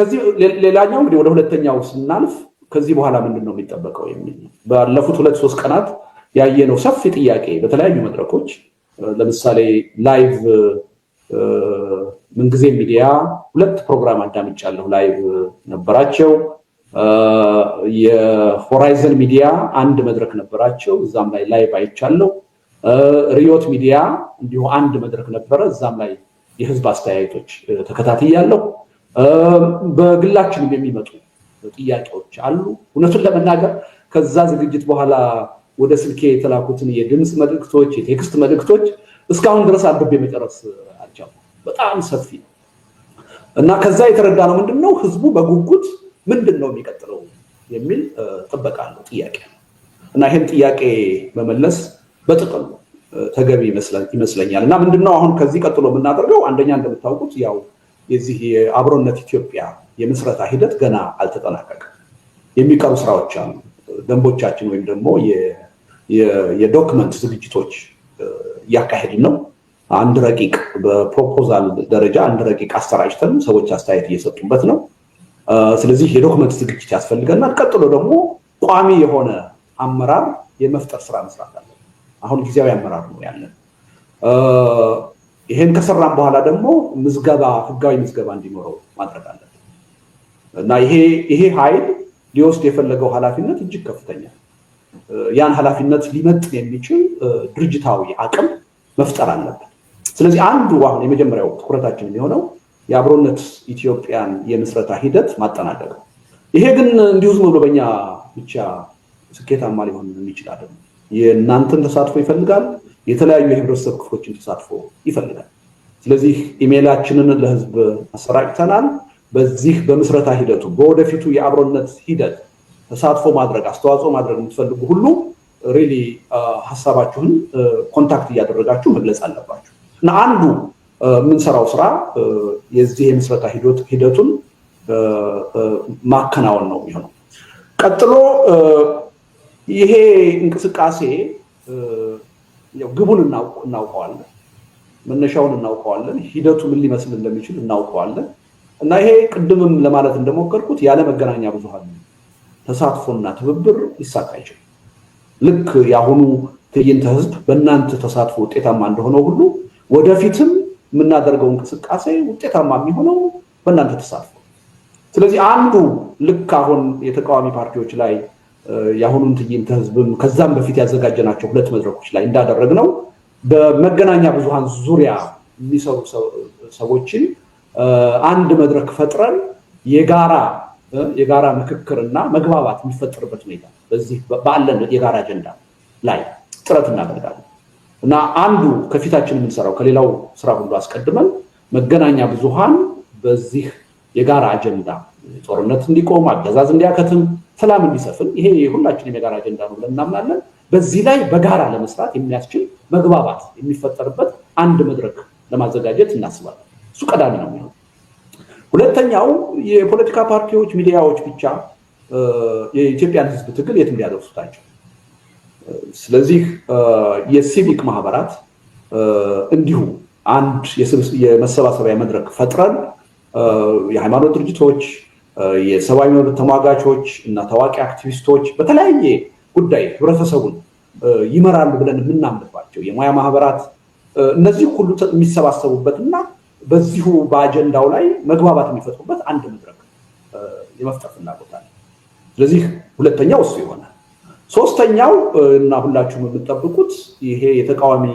ከዚህ ሌላኛው እንግዲህ ወደ ሁለተኛው ስናልፍ ከዚህ በኋላ ምንድን ነው የሚጠበቀው የሚል ባለፉት ሁለት ሶስት ቀናት ያየነው ሰፊ ጥያቄ በተለያዩ መድረኮች ለምሳሌ ላይቭ ምንጊዜ ሚዲያ ሁለት ፕሮግራም አዳምጫለሁ። ላይቭ ነበራቸው። የሆራይዘን ሚዲያ አንድ መድረክ ነበራቸው። እዛም ላይ ላይቭ አይቻለሁ። ሪዮት ሚዲያ እንዲሁ አንድ መድረክ ነበረ። እዛም ላይ የህዝብ አስተያየቶች ተከታትያለሁ። በግላችንም የሚመጡ ጥያቄዎች አሉ። እውነቱን ለመናገር ከዛ ዝግጅት በኋላ ወደ ስልኬ የተላኩትን የድምፅ መልእክቶች፣ የቴክስት መልእክቶች እስካሁን ድረስ አንብቤ መጨረስ አልቻሉ። በጣም ሰፊ ነው እና ከዛ የተረዳ ነው ምንድን ነው ህዝቡ በጉጉት ምንድን ነው የሚቀጥለው የሚል ጥበቃ አለው ጥያቄ እና ይህን ጥያቄ መመለስ በጥቅሉ ተገቢ ይመስለኛል። እና ምንድነው አሁን ከዚህ ቀጥሎ የምናደርገው? አንደኛ እንደምታውቁት ያው የዚህ የአብሮነት ኢትዮጵያ የምስረታ ሂደት ገና አልተጠናቀቀም። የሚቀሩ ስራዎች አሉ። ደንቦቻችን ወይም ደግሞ የዶክመንት ዝግጅቶች እያካሄድን ነው። አንድ ረቂቅ በፕሮፖዛል ደረጃ አንድ ረቂቅ አሰራጭተን ሰዎች አስተያየት እየሰጡበት ነው። ስለዚህ የዶክመንት ዝግጅት ያስፈልገናል። ቀጥሎ ደግሞ ቋሚ የሆነ አመራር የመፍጠር ስራ መስራት አለ። አሁን ጊዜያዊ አመራር ነው ያለን። ይሄን ከሰራም በኋላ ደግሞ ምዝገባ ህጋዊ ምዝገባ እንዲኖረው ማድረግ አለብን እና ይሄ ኃይል ሊወስድ የፈለገው ኃላፊነት እጅግ ከፍተኛ ያን ኃላፊነት ሊመጥን የሚችል ድርጅታዊ አቅም መፍጠር አለብን። ስለዚህ አንዱ አሁን የመጀመሪያው ትኩረታችን የሚሆነው የአብሮነት ኢትዮጵያን የምስረታ ሂደት ማጠናቀቅ ነው። ይሄ ግን እንዲሁ ዝም ብሎ በኛ ብቻ ስኬታማ ሊሆን የሚችል አይደለም። የእናንተን ተሳትፎ ይፈልጋል። የተለያዩ የህብረተሰብ ክፍሎችን ተሳትፎ ይፈልጋል። ስለዚህ ኢሜይላችንን ለህዝብ አሰራጭተናል። በዚህ በምስረታ ሂደቱ በወደፊቱ የአብሮነት ሂደት ተሳትፎ ማድረግ አስተዋጽኦ ማድረግ የምትፈልጉ ሁሉ ሪሊ ሀሳባችሁን ኮንታክት እያደረጋችሁ መግለጽ አለባችሁ እና አንዱ የምንሰራው ስራ የዚህ የምስረታ ሂደቱን ማከናወን ነው የሚሆነው። ቀጥሎ ይሄ እንቅስቃሴ ግቡን እናውቀዋለን፣ መነሻውን እናውቀዋለን፣ ሂደቱ ምን ሊመስል እንደሚችል እናውቀዋለን እና ይሄ ቅድምም ለማለት እንደሞከርኩት ያለ መገናኛ ብዙሃን ተሳትፎና ትብብር ሊሳካ አይችልም። ልክ የአሁኑ ትዕይንተ ህዝብ በእናንተ ተሳትፎ ውጤታማ እንደሆነው ሁሉ ወደፊትም የምናደርገው እንቅስቃሴ ውጤታማ የሚሆነው በእናንተ ተሳትፎ። ስለዚህ አንዱ ልክ አሁን የተቃዋሚ ፓርቲዎች ላይ የአሁኑን ትዕይንተ ህዝብም ከዛም በፊት ያዘጋጀናቸው ሁለት መድረኮች ላይ እንዳደረግ ነው በመገናኛ ብዙሃን ዙሪያ የሚሰሩ ሰዎችን አንድ መድረክ ፈጥረን የጋራ የጋራ ምክክርና መግባባት የሚፈጠርበት ሁኔታ በዚህ ባለን የጋራ አጀንዳ ላይ ጥረት እናደርጋለን እና አንዱ ከፊታችን የምንሰራው ከሌላው ስራ ሁሉ አስቀድመን መገናኛ ብዙሃን በዚህ የጋራ አጀንዳ ጦርነት እንዲቆም፣ አገዛዝ እንዲያከትም፣ ሰላም እንዲሰፍን ይሄ ሁላችንም የጋራ አጀንዳ ነው ብለን እናምናለን። በዚህ ላይ በጋራ ለመስራት የሚያስችል መግባባት የሚፈጠርበት አንድ መድረክ ለማዘጋጀት እናስባለን። እሱ ቀዳሚ ነው የሚሆነው። ሁለተኛው የፖለቲካ ፓርቲዎች፣ ሚዲያዎች ብቻ የኢትዮጵያን ሕዝብ ትግል የትም ሊያደርሱት ስለዚህ የሲቪክ ማህበራት እንዲሁ አንድ የመሰባሰቢያ መድረክ ፈጥረን የሃይማኖት ድርጅቶች የሰብአዊ መብት ተሟጋቾች እና ታዋቂ አክቲቪስቶች በተለያየ ጉዳይ ህብረተሰቡን ይመራሉ ብለን የምናምንባቸው የሙያ ማህበራት እነዚህ ሁሉ የሚሰባሰቡበት እና በዚሁ በአጀንዳው ላይ መግባባት የሚፈጥሩበት አንድ መድረክ የመፍጠር ፍላጎት አለ። ስለዚህ ሁለተኛው እሱ ይሆናል። ሶስተኛው እና ሁላችሁም የምጠብቁት ይሄ የተቃዋሚ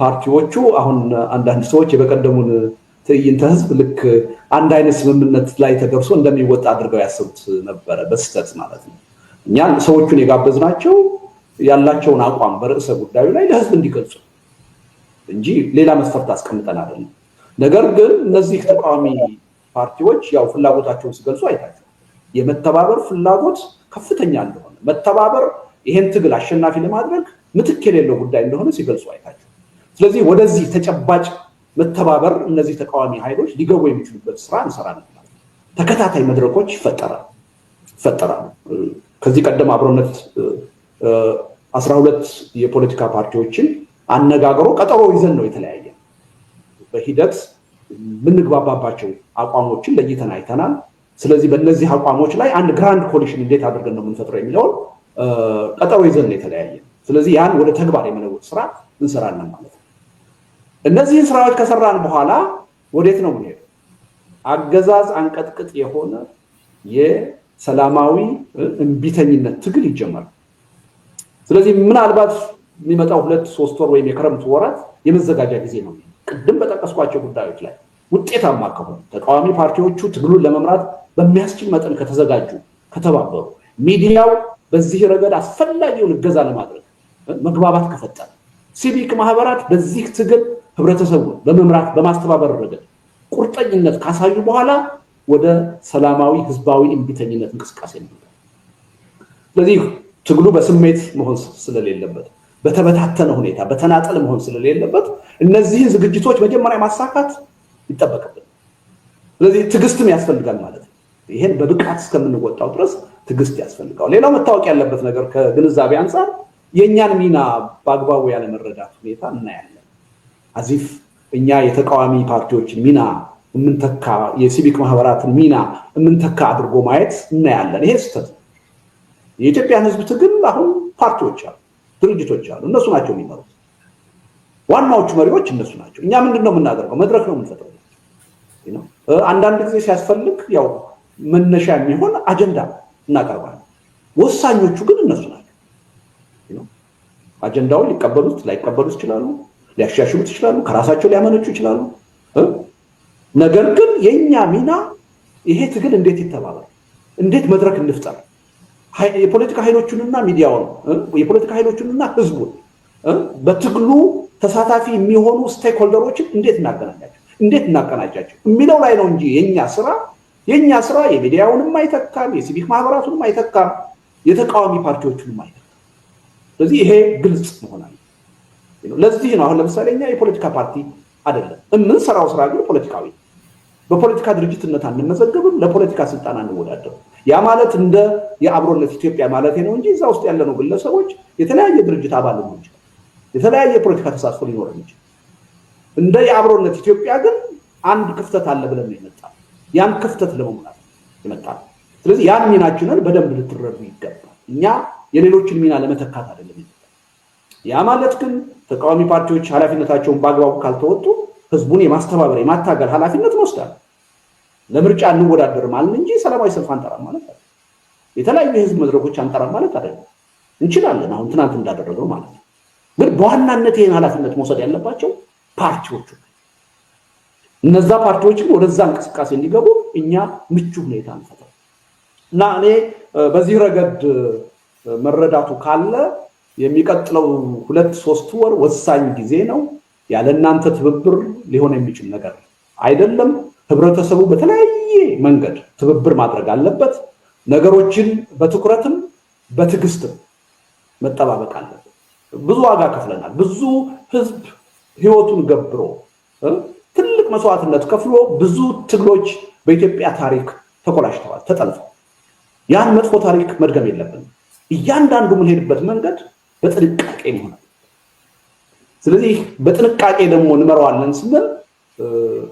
ፓርቲዎቹ አሁን አንዳንድ ሰዎች የበቀደሙን ትዕይንተ ህዝብ ልክ አንድ አይነት ስምምነት ላይ ተደርሶ እንደሚወጣ አድርገው ያሰቡት ነበረ፣ በስተት ማለት ነው። እኛ ሰዎቹን የጋበዝናቸው ያላቸውን አቋም በርዕሰ ጉዳዩ ላይ ለህዝብ እንዲገልጹ እንጂ ሌላ መስፈርት አስቀምጠን አይደለም። ነገር ግን እነዚህ ተቃዋሚ ፓርቲዎች ያው ፍላጎታቸውን ሲገልጹ አይታቸው የመተባበር ፍላጎት ከፍተኛ እንደሆነ መተባበር ይሄን ትግል አሸናፊ ለማድረግ ምትክ የሌለው ጉዳይ እንደሆነ ሲገልጹ አይታቸው። ስለዚህ ወደዚህ ተጨባጭ መተባበር እነዚህ ተቃዋሚ ኃይሎች ሊገቡ የሚችሉበት ስራ እንሰራለን። ተከታታይ መድረኮች ይፈጠራሉ። ከዚህ ቀደም አብሮነት አስራ ሁለት የፖለቲካ ፓርቲዎችን አነጋግሮ ቀጠሮ ይዘን ነው የተለያየ በሂደት የምንግባባባቸው አቋሞችን ለይተን አይተናል። ስለዚህ በእነዚህ አቋሞች ላይ አንድ ግራንድ ኮሊሽን እንዴት አድርገን ነው የምንፈጥረው የሚለውን ቀጠሮ ይዘን ነው የተለያየ። ስለዚህ ያን ወደ ተግባር የመለወጥ ስራ እንሰራለን ማለት ነው። እነዚህን ስራዎች ከሰራን በኋላ ወዴት ነው የምንሄደው? አገዛዝ አንቀጥቅጥ የሆነ የሰላማዊ እምቢተኝነት ትግል ይጀመራል። ስለዚህ ምናልባት የሚመጣው ሁለት ሶስት ወር ወይም የክረምት ወራት የመዘጋጃ ጊዜ ነው። ቅድም በጠቀስኳቸው ጉዳዮች ላይ ውጤታማ ከሆኑ ተቃዋሚ ፓርቲዎቹ ትግሉን ለመምራት በሚያስችል መጠን ከተዘጋጁ፣ ከተባበሩ፣ ሚዲያው በዚህ ረገድ አስፈላጊውን እገዛ ለማድረግ መግባባት ከፈጠረ፣ ሲቪክ ማህበራት በዚህ ትግል ህብረተሰቡን በመምራት በማስተባበር ረገድ ቁርጠኝነት ካሳዩ በኋላ ወደ ሰላማዊ ህዝባዊ እንቢተኝነት እንቅስቃሴ ነው። ስለዚህ ትግሉ በስሜት መሆን ስለሌለበት፣ በተበታተነ ሁኔታ በተናጠል መሆን ስለሌለበት እነዚህን ዝግጅቶች መጀመሪያ ማሳካት ይጠበቅብን። ስለዚህ ትዕግስትም ያስፈልጋል ማለት ነው። ይህን በብቃት እስከምንወጣው ድረስ ትዕግስት ያስፈልጋል። ሌላው መታወቅ ያለበት ነገር ከግንዛቤ አንጻር የእኛን ሚና በአግባቡ ያለመረዳት ሁኔታ እናያለን። አዚፍ እኛ የተቃዋሚ ፓርቲዎችን ሚና የምንተካ የሲቪክ ማህበራትን ሚና የምንተካ አድርጎ ማየት እናያለን። ይሄ ስህተት ነው። የኢትዮጵያን ህዝብ ትግል አሁን ፓርቲዎች አሉ፣ ድርጅቶች አሉ። እነሱ ናቸው የሚመሩት። ዋናዎቹ መሪዎች እነሱ ናቸው። እኛ ምንድን ነው የምናደርገው? መድረክ ነው የምንፈጥረው። አንዳንድ ጊዜ ሲያስፈልግ ያው መነሻ የሚሆን አጀንዳ እናቀርባለን። ወሳኞቹ ግን እነሱ ናቸው። አጀንዳውን ሊቀበሉት ላይቀበሉት ይችላሉ። ሊያሻሽሉት ይችላሉ፣ ከራሳቸው ሊያመነጩ ይችላሉ። ነገር ግን የእኛ ሚና ይሄ ትግል እንዴት ይተባበር፣ እንዴት መድረክ እንፍጠር፣ የፖለቲካ ኃይሎቹንና ሚዲያውን፣ የፖለቲካ ኃይሎቹንና ህዝቡን በትግሉ ተሳታፊ የሚሆኑ ስቴክሆልደሮችን እንዴት እናገናኛቸው፣ እንዴት እናቀናጃቸው የሚለው ላይ ነው እንጂ የእኛ ስራ የእኛ ስራ የሚዲያውንም አይተካም፣ የሲቪክ ማህበራቱንም አይተካም፣ የተቃዋሚ ፓርቲዎቹንም አይተካም። ስለዚህ ይሄ ግልጽ መሆናል። ለዚህ ነው አሁን ለምሳሌ እኛ የፖለቲካ ፓርቲ አይደለም። የምንሰራው ስራ ግን ፖለቲካዊ፣ በፖለቲካ ድርጅትነት አንመዘገብም፣ ለፖለቲካ ስልጣን አንወዳደርም። ያ ማለት እንደ የአብሮነት ኢትዮጵያ ማለት ነው እንጂ እዛ ውስጥ ያለነው ግለሰቦች የተለያየ ድርጅት አባል ሊሆን ይችላል፣ የተለያየ ፖለቲካ ተሳትፎ ሊኖረን ይችላል። እንደ የአብሮነት ኢትዮጵያ ግን አንድ ክፍተት አለ ብለን ነው የመጣነው። ያን ክፍተት ለመሙላት የመጣነው። ስለዚህ ያን ሚናችንን በደንብ ልትረዱ ይገባል። እኛ የሌሎችን ሚና ለመተካት አይደለም። ያ ማለት ግን ተቃዋሚ ፓርቲዎች ኃላፊነታቸውን በአግባቡ ካልተወጡ ህዝቡን የማስተባበር የማታገል ኃላፊነት እንወስዳለን። ለምርጫ እንወዳደርም አልን እንጂ ሰላማዊ ሰልፍ አንጠራም ማለት አለ። የተለያዩ የህዝብ መድረኮች አንጠራም ማለት አይደለም። እንችላለን አሁን ትናንት እንዳደረገው ማለት ነው። ግን በዋናነት ይህን ኃላፊነት መውሰድ ያለባቸው ፓርቲዎቹ እነዛ ፓርቲዎች ግን ወደዛ እንቅስቃሴ እንዲገቡ እኛ ምቹ ሁኔታ እንፈጥር እና እኔ በዚህ ረገድ መረዳቱ ካለ የሚቀጥለው ሁለት ሶስት ወር ወሳኝ ጊዜ ነው። ያለ እናንተ ትብብር ሊሆን የሚችል ነገር አይደለም። ህብረተሰቡ በተለያየ መንገድ ትብብር ማድረግ አለበት። ነገሮችን በትኩረትም በትዕግስትም መጠባበቅ አለበት። ብዙ ዋጋ ከፍለናል። ብዙ ህዝብ ህይወቱን ገብሮ ትልቅ መስዋዕትነት ከፍሎ ብዙ ትግሎች በኢትዮጵያ ታሪክ ተኮላሽተዋል፣ ተጠልፈዋል። ያን መጥፎ ታሪክ መድገም የለብንም። እያንዳንዱ የምንሄድበት መንገድ በጥንቃቄ መሆናል። ስለዚህ በጥንቃቄ ደግሞ እንመራዋለን ስንል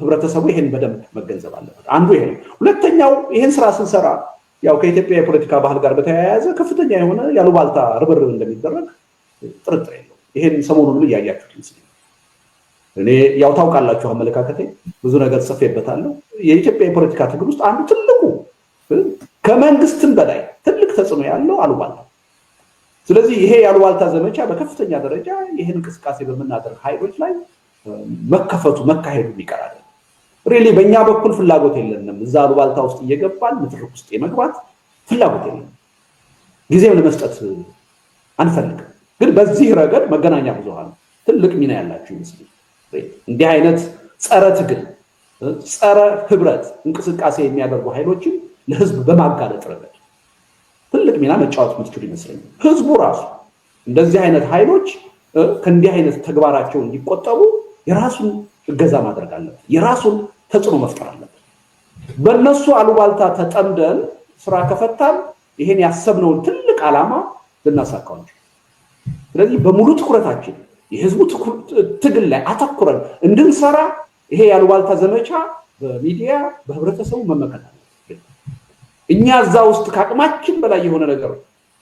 ህብረተሰቡ ይሄን በደንብ መገንዘብ አለበት። አንዱ ይሄ ነው። ሁለተኛው ይሄን ስራ ስንሰራ ያው ከኢትዮጵያ የፖለቲካ ባህል ጋር በተያያዘ ከፍተኛ የሆነ ያሉባልታ ርብርብ እንደሚደረግ ጥርጥር የለው። ይሄን ሰሞኑንም እያያችሁት ይመስለኛል። እኔ ያው ታውቃላችሁ አመለካከቴ፣ ብዙ ነገር ጽፌበታለሁ። የኢትዮጵያ የፖለቲካ ትግል ውስጥ አንዱ ትልቁ ከመንግስትም በላይ ትልቅ ተጽዕኖ ያለው አሉባልታ ስለዚህ ይሄ ያሉባልታ ዘመቻ በከፍተኛ ደረጃ ይህን እንቅስቃሴ በምናደርግ ኃይሎች ላይ መከፈቱ መካሄዱ ይቀራል። ሪሊ በእኛ በኩል ፍላጎት የለንም። እዛ አሉባልታ ውስጥ እየገባን ምትርክ ውስጥ የመግባት ፍላጎት የለንም። ጊዜም ለመስጠት አንፈልግም። ግን በዚህ ረገድ መገናኛ ብዙሃን ትልቅ ሚና ያላቸው ይመስል እንዲህ አይነት ጸረ ትግል ጸረ ህብረት እንቅስቃሴ የሚያደርጉ ኃይሎችን ለህዝብ በማጋለጥ ረገድ ትልቅ ሚና መጫወት የምትችሉ ይመስለኛል። ህዝቡ ራሱ እንደዚህ አይነት ኃይሎች ከእንዲህ አይነት ተግባራቸው እንዲቆጠቡ የራሱን እገዛ ማድረግ አለበት። የራሱን ተጽዕኖ መፍጠር አለበት። በእነሱ አሉባልታ ተጠምደን ስራ ከፈታን ይሄን ያሰብነውን ትልቅ ዓላማ ልናሳካው እንችል። ስለዚህ በሙሉ ትኩረታችን የህዝቡ ትግል ላይ አተኩረን እንድንሰራ ይሄ ያሉባልታ ዘመቻ በሚዲያ በህብረተሰቡ መመከታ። እኛ እዛ ውስጥ ከአቅማችን በላይ የሆነ ነገር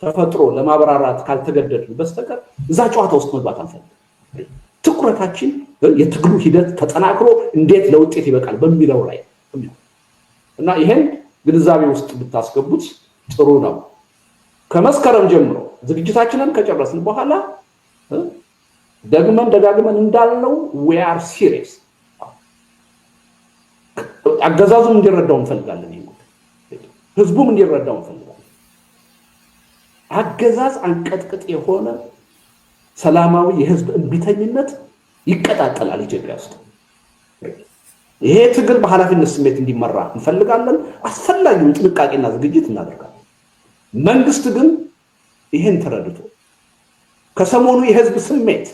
ተፈጥሮ ለማብራራት ካልተገደድን በስተቀር እዛ ጨዋታ ውስጥ መግባት አንፈልግም። ትኩረታችን የትግሉ ሂደት ተጠናክሮ እንዴት ለውጤት ይበቃል በሚለው ላይ እና ይሄን ግንዛቤ ውስጥ ብታስገቡት ጥሩ ነው። ከመስከረም ጀምሮ ዝግጅታችንን ከጨረስን በኋላ ደግመን ደጋግመን እንዳልነው ዌር ሲሪስ ሲሪየስ አገዛዙም እንዲረዳው እንፈልጋለን። ህዝቡም እንዲረዳው እንፈልጋለን። አገዛዝ አንቀጥቅጥ የሆነ ሰላማዊ የህዝብ እንቢተኝነት ይቀጣጠላል ኢትዮጵያ ውስጥ። ይሄ ትግል በኃላፊነት ስሜት እንዲመራ እንፈልጋለን። አስፈላጊውን ጥንቃቄና ዝግጅት እናደርጋለን። መንግስት ግን ይህን ተረድቶ ከሰሞኑ የህዝብ ስሜት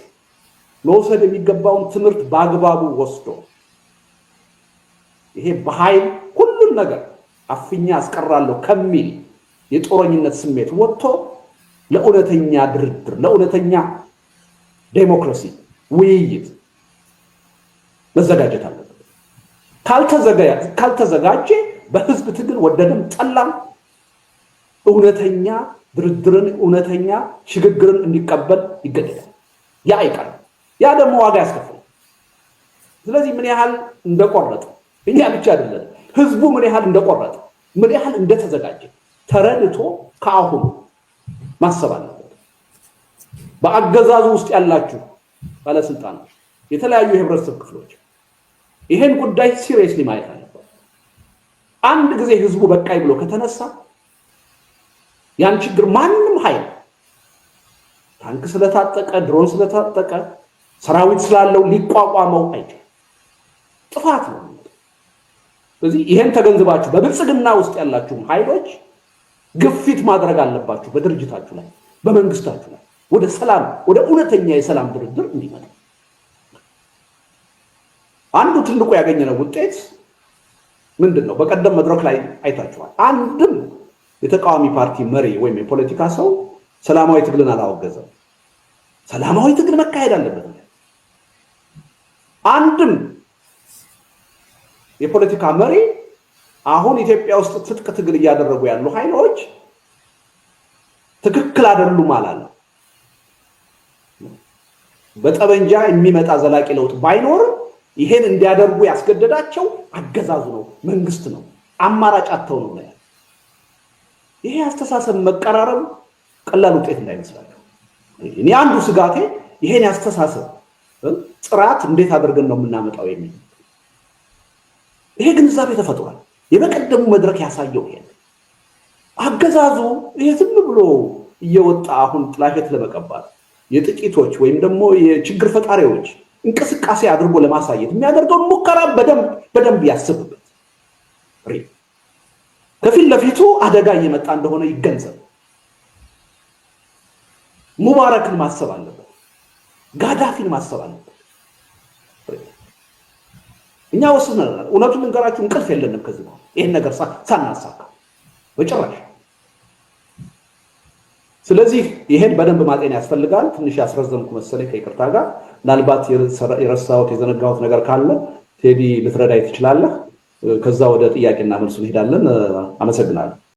መውሰድ የሚገባውን ትምህርት በአግባቡ ወስዶ ይሄ በኃይል ሁሉን ነገር አፍኛ አስቀራለሁ ከሚል የጦረኝነት ስሜት ወጥቶ ለእውነተኛ ድርድር፣ ለእውነተኛ ዴሞክራሲ ውይይት መዘጋጀት አለበት። ካልተዘጋጀ በህዝብ ትግል ወደደም ጠላም እውነተኛ ድርድርን እውነተኛ ሽግግርን እንዲቀበል ይገደዳል። ያ አይቀርም። ያ ደግሞ ዋጋ ያስከፍል። ስለዚህ ምን ያህል እንደቆረጠ እኛ ብቻ አይደለም ህዝቡ ምን ያህል እንደቆረጠ ምን ያህል እንደተዘጋጀ ተረድቶ ከአሁኑ ማሰብ አለበት። በአገዛዙ ውስጥ ያላችሁ ባለስልጣናት፣ የተለያዩ የህብረተሰብ ክፍሎች ይሄን ጉዳይ ሲሪየስሊ ማየት አለበት። አንድ ጊዜ ህዝቡ በቃይ ብሎ ከተነሳ ያን ችግር ማንም ኃይል ታንክ ስለታጠቀ፣ ድሮን ስለታጠቀ፣ ሰራዊት ስላለው ሊቋቋመው አይችልም። ጥፋት ነው። ስለዚህ ይሄን ተገንዝባችሁ በብልጽግና ውስጥ ያላችሁ ኃይሎች ግፊት ማድረግ አለባችሁ በድርጅታችሁ ላይ፣ በመንግስታችሁ ላይ ወደ ሰላም ወደ እውነተኛ የሰላም ድርድር እንዲመጣ አንዱ ትልቁ ያገኘነው ውጤት ምንድን ነው? በቀደም መድረክ ላይ አይታችኋል። አንድም የተቃዋሚ ፓርቲ መሪ ወይም የፖለቲካ ሰው ሰላማዊ ትግልን አላወገዘም። ሰላማዊ ትግል መካሄድ አለበት። አንድም የፖለቲካ መሪ አሁን ኢትዮጵያ ውስጥ ትጥቅ ትግል እያደረጉ ያሉ ኃይሎች ትክክል አይደሉም አላለም። በጠበንጃ የሚመጣ ዘላቂ ለውጥ ባይኖርም ይሄን እንዲያደርጉ ያስገደዳቸው አገዛዙ ነው፣ መንግስት ነው። አማራጭ አጥተው ነው ያለ። ይሄ አስተሳሰብ መቀራረብ ቀላል ውጤት እንዳይመስላቸው። እኔ አንዱ ስጋቴ ይሄን ያስተሳሰብ ጥራት እንዴት አድርገን ነው የምናመጣው የሚል ይሄ ግንዛቤ ተፈጥሯል። የበቀደሙ መድረክ ያሳየው ይሄ አገዛዙ ይሄ ዝም ብሎ እየወጣ አሁን ጥላሸት ለመቀባት የጥቂቶች ወይም ደግሞ የችግር ፈጣሪዎች እንቅስቃሴ አድርጎ ለማሳየት የሚያደርገውን ሙከራ በደንብ ያስብበት። ከፊት ለፊቱ አደጋ እየመጣ እንደሆነ ይገንዘብ። ሙባረክን ማሰብ አለበት። ጋዳፊን ማሰብ አለበት። እኛ ወስነናል። እውነቱን ልንገራችሁ እንቅልፍ የለንም ከዚህ በኋላ ይህን ነገር ሳናሳካ በጭራሽ። ስለዚህ ይሄን በደንብ ማጤን ያስፈልጋል። ትንሽ ያስረዘምኩ መሰለኝ ከይቅርታ ጋር። ምናልባት የረሳሁት የዘነጋሁት ነገር ካለ ቴዲ ልትረዳይ ትችላለህ። ከዛ ወደ ጥያቄና መልሱ እንሄዳለን። አመሰግናለሁ።